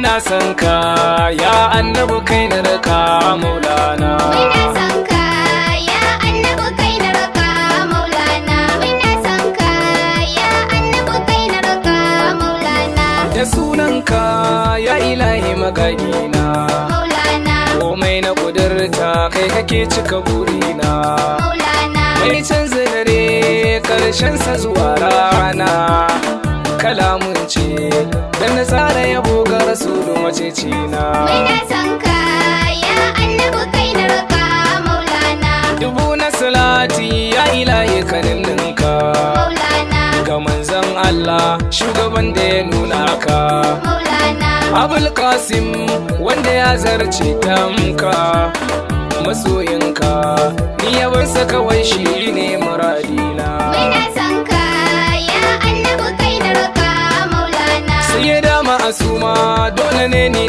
Ina son ka ya annabu kai na raka maulana ya Da sunan ya ilahi magagina Komai na kudurta kai kake cika burina Mai canza dare karshen sa zuwa rana kalamun ce da na yabo rasulu macicina muna ka ya annabu kai na roka maulana dubu na salati ya ilahi kanin ninka maulana ga manzon Allah shugaban da ya nuna ka maulana abul qasim wanda ya zarce tamka masoyinka ni yawansa kawai shi ne suma dole ne ni